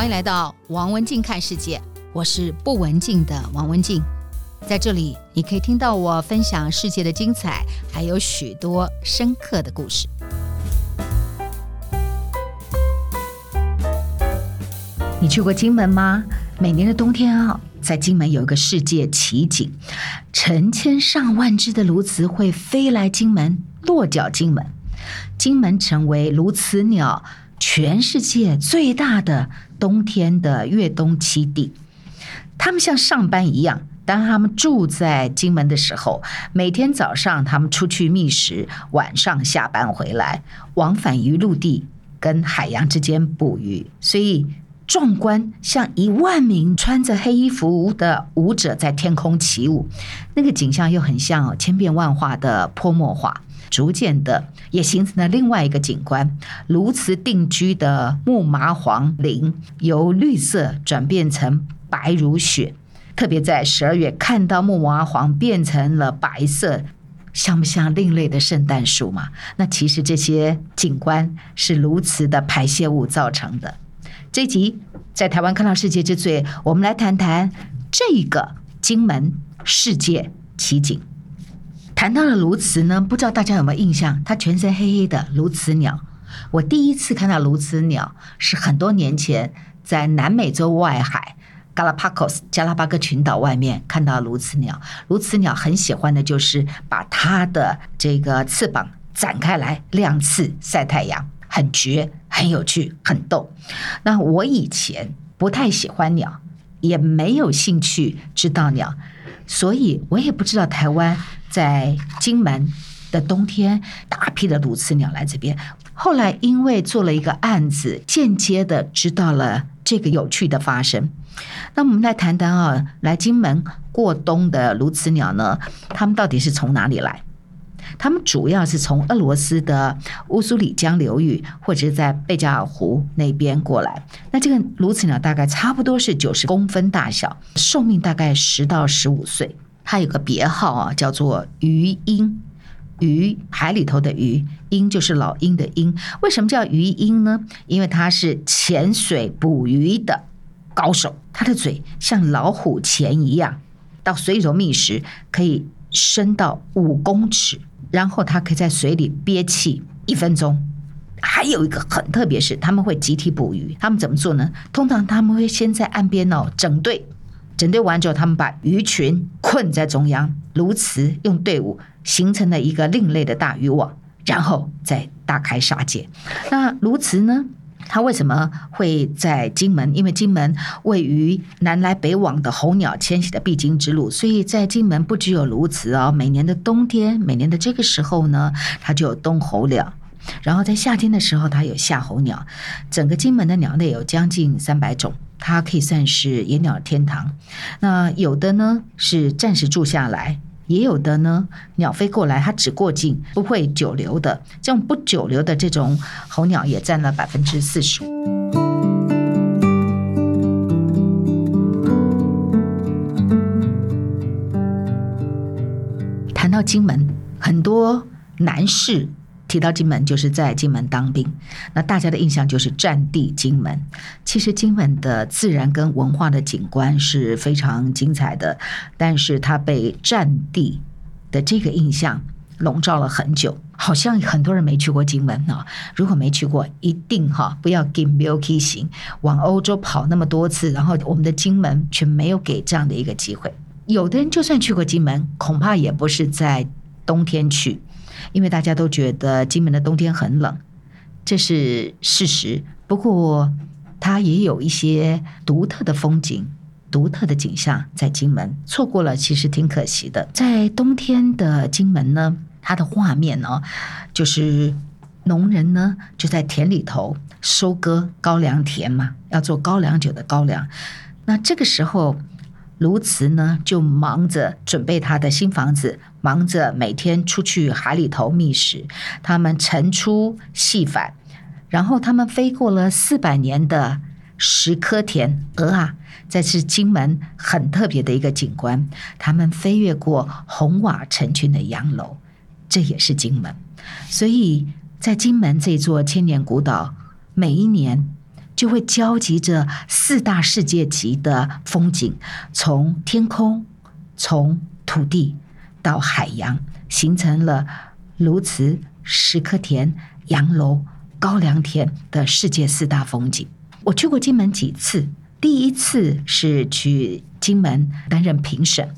歡迎來到王文靜看世界，我是不文靜的王文靜，在這裡你可以聽到我分享世界的精彩，還有許多深刻的故事。你去過金門嗎？每年的冬天啊、哦，在金門有一個世界奇景，成千上萬隻的鸕鶿會飛來金門，落腳金門。金門成為鸕鶿鳥全世界最大的。冬天的越冬棲地，他們像上班一樣。當他們住在金門的時候，每天早上他們出去覓食，晚上下班回來，往返於陸地跟海洋之間捕魚。所以壯觀，像一萬名穿着黑衣服的舞者在天空起舞，那個景象又很像千變萬化的潑墨畫。逐漸的也形成了另外一個景觀，鸕鶿定居的木麻黃林由綠色轉變成白如雪，特別在十二月看到木麻黃變成了白色，像不像另類的聖誕樹嘛？那其實這些景觀是鸕鶿的排泄物造成的。這集在台灣看到世界之最，我們來談談這個金門世界奇景。談到了鸕鶿呢，不知道大家有沒有印象？它全身黑黑的，鸕鶿鳥。我第一次看到鸕鶿鳥是很多年前，在南美洲外海加拉帕科斯加拉巴哥群島外面看到鸕鶿鳥。鸕鶿鳥很喜歡的就是把它的這個翅膀展開來亮翅曬太陽，很絕，很有趣，很逗。那我以前不太喜歡鳥，也沒有興趣知道鳥，所以我也不知道台灣。在金門的冬天，大批的鸕鶿鳥來這邊。後來因為做了一個案子，間接的知道了這個有趣的發生。那我們來談談啊，來金門過冬的鸕鶿鳥呢，它們到底是從哪裡來？它們主要是從俄羅斯的烏蘇里江流域，或者是在貝加爾湖那邊過來。那這個鸕鶿鳥大概差不多是九十公分大小，壽命大概十到十五歲。它有個別號啊，叫做“魚鷹”。魚，海裡頭的魚；鷹，就是老鷹的鷹。為什麼叫魚鷹呢？因為它是潛水捕魚的高手。它的嘴像老虎鉗一樣，到水裡頭覓食，可以伸到五公尺。然後它可以在水裡憋氣一分鐘。還有一個很特別是，是他們會集體捕魚。他們怎麼做呢？通常他們會先在岸邊哦，整隊。整隊完之後，他們把魚群困在中央，鸕鶿用隊伍形成了一個另類的大漁網，然後再大開殺戒。那鸕鶿呢？它為什麼會在金門？因為金門位於南來北往的候鳥遷徙的必經之路，所以在金門不只有鸕鶿哦。每年的冬天，每年的這個時候呢，它就有冬候鳥；然後在夏天的時候，它有夏候鳥。整個金門的鳥類有將近三百種。它可以算是野鳥的天堂，那有的呢是暫時住下來，也有的呢鳥飛過來，它只過境不會久留的，這種不久留的這種候鳥也佔了百分之四十。談到金門，很多男士，提到金門，就是在金門當兵。那大家的印象就是戰地金門。其實金門的自然跟文化的景觀是非常精彩的，但是它被戰地的這個印象籠罩了很久。好像很多人沒去過金門呢、哦、如果沒去過，一定哈、哦、不要 give milk 行。往歐洲跑那麼多次，然後我們的金門卻沒有給這樣的一個機會。有的人就算去過金門，恐怕也不是在冬天去。因為大家都覺得金門的冬天很冷，這是事實。不過，它也有一些獨特的風景、獨特的景象在金門，錯過了其實挺可惜的。在冬天的金門呢，它的畫面呢，就是農人呢就在田裡頭收割高粱田嘛，要做高粱酒的高粱。那這個時候。鸕鶿呢，就忙着準備他的新房子，忙着每天出去海裡頭覓食。他們晨出夕返，然後他們飛過了四百年的石蚵田鵝啊，這是金門很特別的一個景觀。他們飛越過紅瓦成群的洋樓，這也是金門。所以在金門這座千年古島，每一年。就會交集着四大世界級的風景，從天空，從土地到海洋，形成了鸬鹚、石刻田、洋樓、高粱田的世界四大風景。我去過金門幾次，第一次是去金門擔任評審，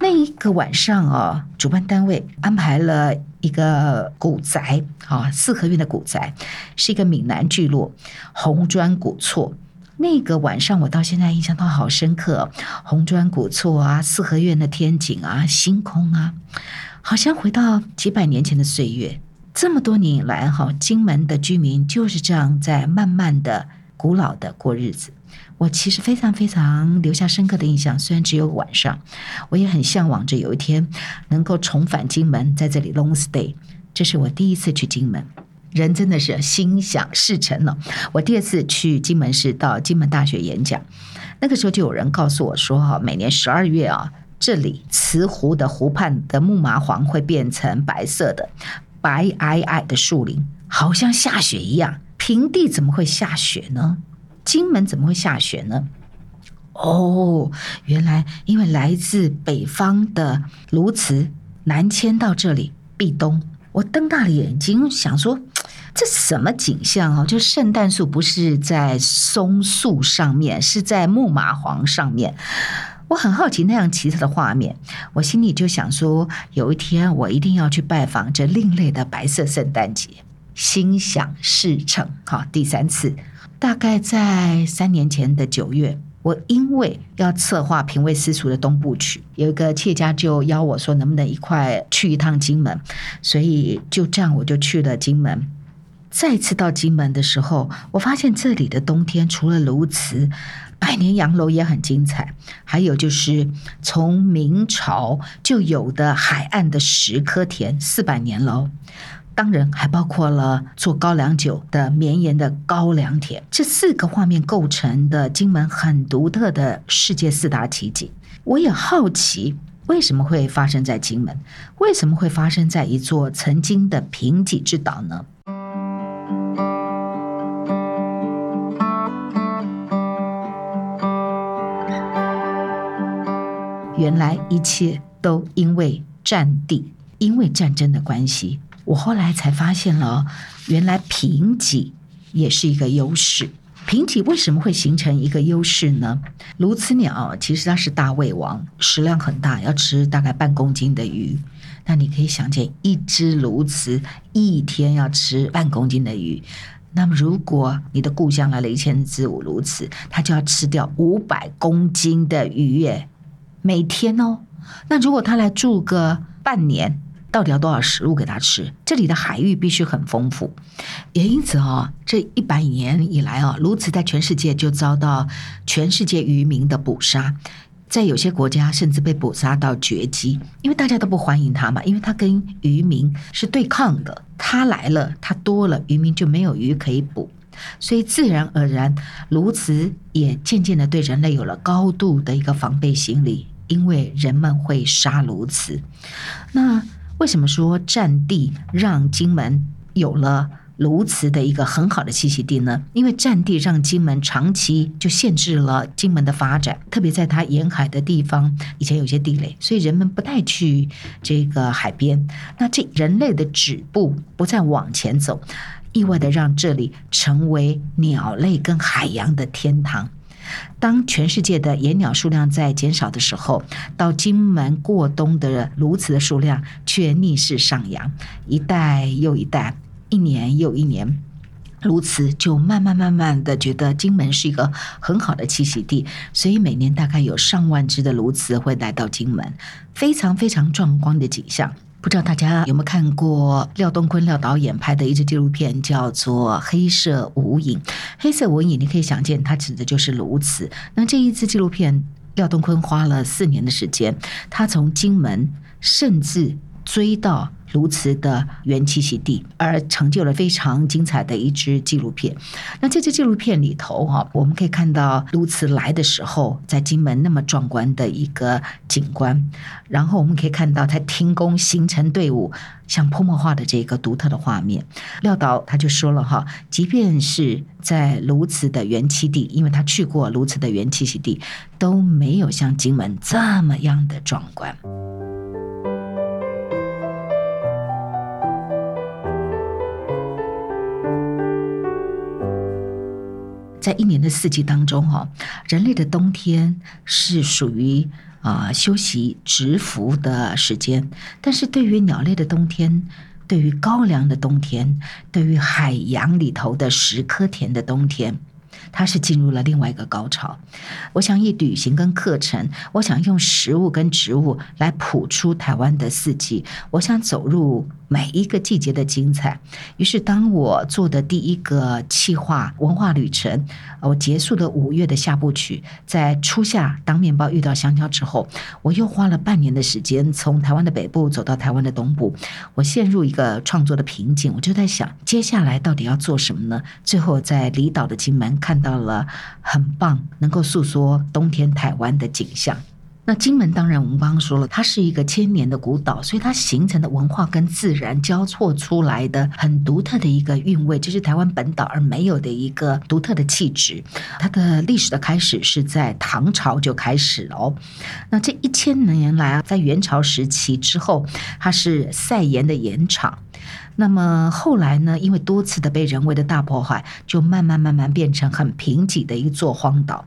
那一個晚上啊、哦，主辦單位安排了。一個古宅啊，四合院的古宅，是一個閩南聚落，紅磚古厝。那個晚上，我到現在印象都好深刻，紅磚古厝啊，四合院的天井啊，星空啊，好像回到幾百年前的歲月。這麼多年以來，哈，金門的居民就是這樣在慢慢的。古老的過日子，我其實非常非常留下深刻的印象。雖然只有晚上，我也很向往着有一天能夠重返金門，在這裡 long stay。這是我第一次去金門，人真的是心想事成了、哦。我第二次去金門是到金門大學演講，那個時候就有人告訴我說、啊：“哈，每年十二月啊，這裡慈湖的湖畔的木麻黃會變成白色的，白皚皚的樹林，好像下雪一樣。”平地怎麼會下雪呢？金門怎麼會下雪呢？哦，原來因為來自北方的鸕鶿南遷到這裡，避冬，我瞪大了眼睛，想說這什麼景象啊、哦？就聖誕樹不是在松樹上面，是在木麻黃上面。我很好奇那樣奇特的畫面，我心裡就想說，有一天我一定要去拜訪這另類的白色聖誕節。心想事成，好，第三次大概在三年前的九月，我因為要策劃《品味私塾》的東部曲，有一個企業家就邀我說，能不能一塊去一趟金門？所以就這樣，我就去了金門。再一次到金門的時候，我發現這裡的冬天除了鸕鶿，百年洋樓也很精彩，還有就是從明朝就有的海岸的石蚵田，四百年了。當然還包括了做高粱酒的綿延的高粱田，這四個畫面構成的金門很獨特的世界四大奇景。我也好奇為什麼會發生在金門，為什麼會發生在一座曾經的貧瘠之島呢？原來一切都因為戰地，因為戰爭的關係。我後來才發現了，原來貧瘠也是一個優勢。貧瘠為什麼會形成一個優勢呢？鸕鶿鳥其實它是大胃王，食量很大，要吃大概半公斤的魚。那你可以想見，一隻鸕鶿一天要吃半公斤的魚。那麼，如果你的故鄉來了一千隻鸕鶿，它就要吃掉五百公斤的魚耶，每天哦。那如果它來住個半年？到底要多少食物給他吃？這裡的海域必須很豐富，也因此啊、哦，這一百年以來啊、哦，鸕鶿在全世界就遭到全世界漁民的捕殺，在有些國家甚至被捕殺到絕跡，因為大家都不歡迎它嘛，因為它跟漁民是對抗的，它來了，它多了，漁民就沒有魚可以捕，所以自然而然，鸕鶿也漸漸的對人類有了高度的一個防備心理，因為人們會殺鸕鶿，那。為什麼說戰地讓金門有了如此的一個很好的棲息地呢？因為戰地讓金門長期就限制了金門的發展，特別在它沿海的地方，以前有些地雷，所以人們不帶去這個海邊。那這人類的止步不再往前走，意外的讓這裡成為鳥類跟海洋的天堂。當全世界的野鳥數量在減少的時候，到金門過冬的鸕鶿的數量卻逆勢上揚，一代又一代，一年又一年，鸕鶿就慢慢慢慢地覺得金門是一個很好的棲息地，所以每年大概有上萬隻的鸕鶿會來到金門，非常非常壯觀的景象。不知道大家有沒有看過廖東坤廖導演拍的一支紀錄片，叫做《黑色無影》。黑色無影，你可以想見，它指的就是如此。那這一支紀錄片，廖東坤花了四年的時間，他從金門甚至追到。鸬鹚的原棲息地，而成就了非常精彩的一支紀錄片。那這支紀錄片裡頭哈、啊，我們可以看到鸬鹚來的時候，在金門那麼壯觀的一個景觀，然後我們可以看到他停工形成隊伍，像潑墨畫的這個獨特的畫面。廖導他就說了哈、啊，即便是在鸬鹚的原棲地，因為他去過鸬鹚的原棲息地，都沒有像金門這麼樣的壯觀。在一年的四季當中、哦，哈，人類的冬天是屬於啊、呃、休息蟄伏的時間，但是對於鳥類的冬天，對於高粱的冬天，對於海洋裡頭的石蚵田的冬天。它是進入了另外一個高潮。我想以旅行跟課程，我想用食物跟植物來譜出台灣的四季。我想走入每一個季節的精彩。於是，當我做的第一個企劃文化旅程，我結束了五月的下部曲，在初夏當麵包遇到香蕉之後，我又花了半年的時間，從台灣的北部走到台灣的東部。我陷入一個創作的瓶頸。我就在想，接下來到底要做什麼呢？最後，在離島的金門。看到了很棒，能夠訴說冬天台灣的景象。那金門，當然我們剛剛說了，它是一個千年的古島，所以它形成的文化跟自然交錯出來的很獨特的一個韻味，就是台灣本島而沒有的一個獨特的氣質。它的歷史的開始是在唐朝就開始了哦。那這一千年來啊，在元朝時期之後，它是曬鹽的鹽場。那麼後來呢，因為多次的被人為的大破壞，就慢慢慢慢變成很貧瘠的一座荒島。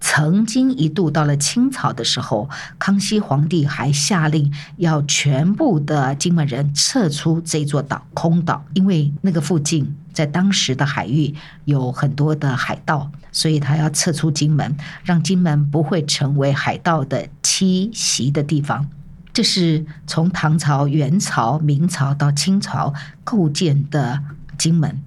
曾經一度到了清朝的時候，康熙皇帝還下令要全部的金門人撤出這座島，空島，因為那個附近在當時的海域有很多的海盜，所以他要撤出金門，讓金門不會成為海盜的棲息的地方。這是從唐朝、元朝、明朝到清朝構建的金門。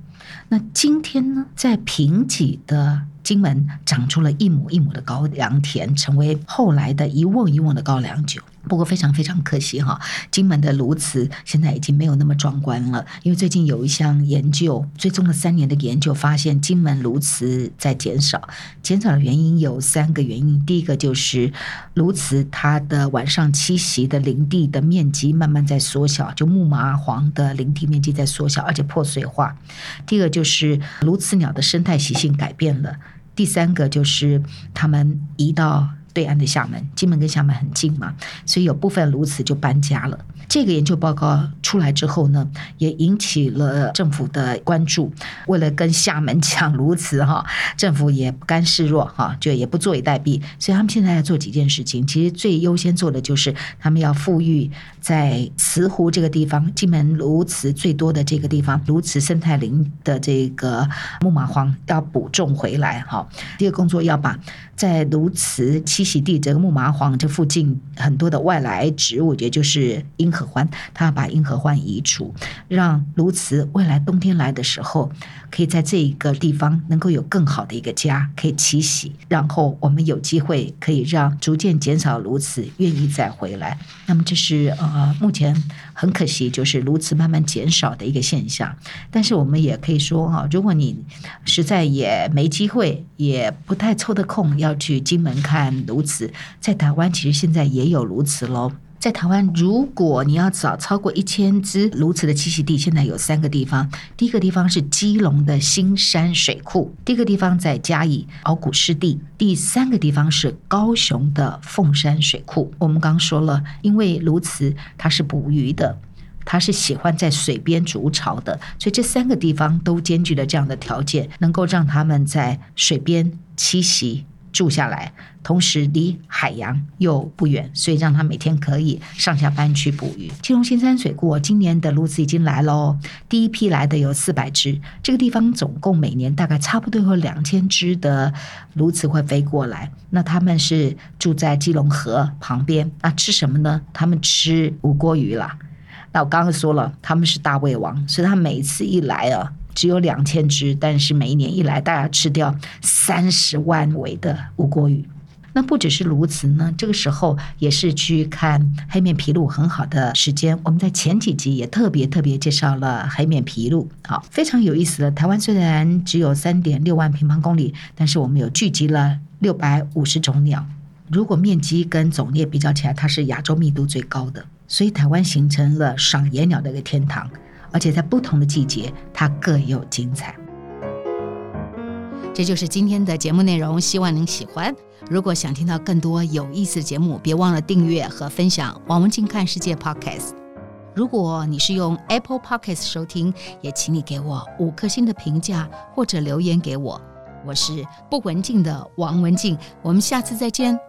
那今天呢，在貧瘠的金門長出了一畝一畝的高粱田，成為後來的一甕一甕的高粱酒。不過非常非常可惜哈，金門的鸕鶿現在已經沒有那麼壯觀了，因為最近有一項研究，追蹤了三年的研究，發現金門鸕鶿在減少。減少的原因有三個原因：第一個就是鸕鶿它的晚上棲息的林地的面積慢慢在縮小，就木麻黃的林地面積在縮小，而且破碎化；第二就是鸕鶿鳥的生態習性改變了；第三個就是它們移到。對岸的廈門、金門跟廈門很近嘛，所以有部分鸕鶿就搬家了。這個研究報告出來之後呢，也引起了政府的關注。為了跟廈門搶鸕鶿，哈，政府也不甘示弱哈，就也不坐以待斃。所以他們現在要做幾件事情，其實最優先做的就是他們要復育，在慈湖這個地方，金門鸕鶿最多的這個地方鸕鶿生態林的這個木麻黃要補種回來哈。第、這、二個工作要把。在鸕鶿棲息地，這個木麻黃這附近很多的外來植物，也就是銀合歡，它要把銀合歡移除，讓鸕鶿未來冬天來的時候，可以在這一個地方能夠有更好的一個家可以棲息，然後我們有機會可以讓逐漸減少鸕鶿願意再回來。那麼這是呃目前。很可惜，就是鸕鶿慢慢減少的一個現象。但是我們也可以說哈、哦，如果你實在也沒機會，也不太抽得空要去金門看鸕鶿，在台灣其實現在也有鸕鶿嘍。在台灣，如果你要找超過一千只鸬鹚的棲息地，現在有三個地方。第一個地方是基隆的新山水庫，第一個地方在嘉義鰲鼓濕地，第三個地方是高雄的鳳山水庫。我們剛剛說了，因為鸬鹚它是捕魚的，它是喜歡在水邊築巢的，所以這三個地方都兼具了這樣的條件，能夠讓他們在水邊棲息。住下來，同時離海洋又不遠，所以讓他每天可以上下班去捕魚。基隆新山水庫今年的鸕鶿已經來嘍，第一批來的有四百隻。這個地方總共每年大概差不多有兩千隻的鸕鶿會飛過來。那他們是住在基隆河旁邊，那吃什麼呢？他們吃吳郭魚啦。那我剛剛說了，他們是大胃王，所以他每次一來啊。只有兩千只，但是每一年一來，大家吃掉三十萬尾的吳郭魚。那不只是如此呢，這個時候也是去看黑面琵鷺很好的時間。我們在前幾集也特別特別介紹了黑面琵鷺，好，非常有意思的。台灣雖然只有三點六萬平方公里，但是我們有聚集了六百五十種鳥。如果面積跟種類比較起來，它是亞洲密度最高的，所以台灣形成了賞野鳥的一個天堂。而且在不同的季節，它各有精彩。這就是今天的節目內容，希望您喜歡。如果想聽到更多有意思的節目，別忘了訂閱和分享王文靜看世界 Podcast。如果你是用 Apple Podcast 收聽，也請你給我五顆星的評價或者留言給我。我是不文靜的王文靜，我們下次再見。